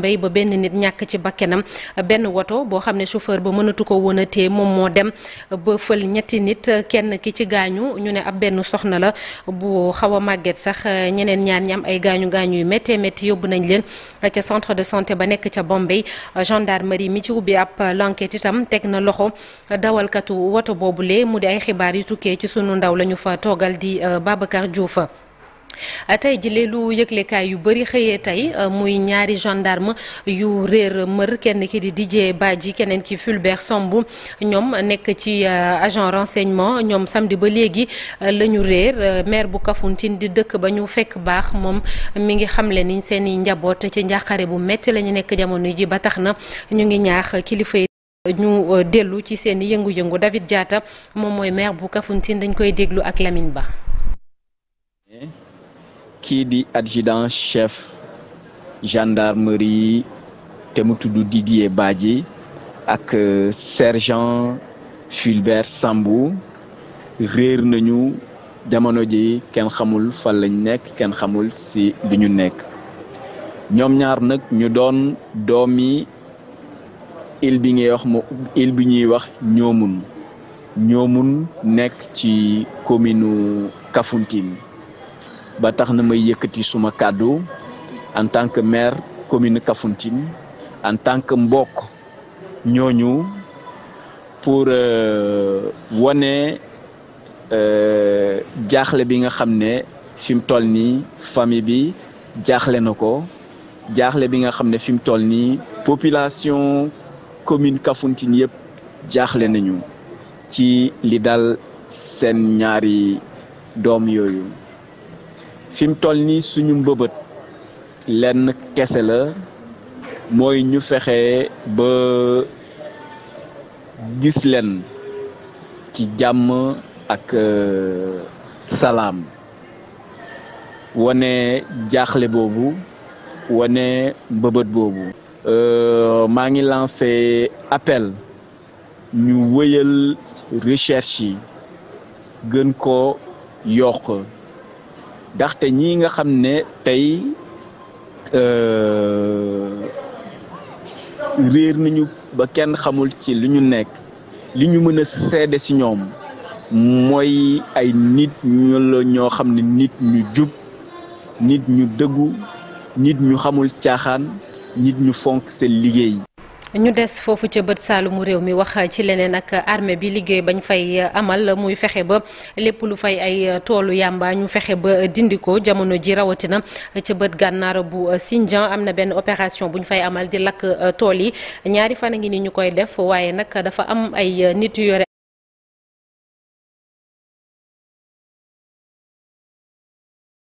mbéy ba benn nit ñàkk ci bakkenam benn woto boo xam ne chauffeur ba mënatu ko woon a téye moom moo dem ba fël ñetti nit kenn ki ci gaañu ñu ne ab benn soxna la bu xaw a màgget sax ñeneen ñaar ñam ay gaañu gaañu yu méttee métti yóbbu nañ leen ca centre de santé ba nekk ca Bombay gendarmerie mi ci ubbi ab l'enquête itam teg na loxo dawalkatu woto boobule mu di ay xibaar yu tukkee ci sunu ndaw la ñu fa toogal di euh, Babacar Diouf. tey jile lu yëglekaay yu bari xëyee tey euh, muy ñaari gendarme yu réer mër kenn ki di Didier Badji keneen ki Fulbert somb ñoom nekk ci euh, agent renseignement ñoom samedi ba léegi euh, lañu ñu réer maire bu Kafountine di dëkk ba ñu fekk baax moom mi ngi xamle ni seeni njaboot ci njàqare bu metti lañu nekk jamono ji ba tax na ñu ngi ñaax kilifa yi ñu dellu ci seen i yëngu-yëngu David Diatta moom mooy maire bu Kafountine dañ koy déglu ak Lamine Ba. kii di adjudant chef gendarmerie te mu tudd Didier Badji ak euh, sergent Fulbert Sambou réer nañu jamono ji kenn xamul fan lañ nekk kenn xamul si lu ñu nekk ñoom ñaar nag ñu doon doomi il bi bi ñuy wax ñoomun ñoomun nekk ci commune Kafountine ba tax na may yëkkati suma kàddu en tant que maire commune Kafountine en tant que mbokk ñooñu pour euh, wane euh, jaaxle bi nga xam ne fi mu toll nii famille bi jaaxle na ko jaaxle bi nga xam ne fi mu toll nii population commune Kafountine yëpp jaaxle nañu ci li dal seen ñaari doom yooyu. fi mu toll nii suñu mbëbët lenn kese la mooy ñu fexe ba gis leen ci jàmm ak euh, salaam wane jaaxle boobu wane mbëbët boobu. Euh, maa ngi lancé appel ñu wëyal recherche yi gën ko yokk. ndaxte ñii nga xam ne tey euh, réer nañu ba kenn xamul ci li ñu nekk li ñu mën a seede ci ñoom mooy ay nit ñu la ñoo xam ne nit ñu jub nit ñu dëggu nit ñu xamul caaxaan nit ñu fonk seen liggéey ñu des foofu ca bët saalumu réew mi wax ci leneen ak armée bi liggéey bañ fay amal muy fexe ba lépp lu fay ay toolu yàmba ñu fexe ba dindi ko jamono ji rawatina ca bët gànnaar bu Sindian am na benn opération bu ñu fay amal di lakk tool yi ñaari fan a ngi ni ñu koy def waaye nag dafa am ay nit yu yore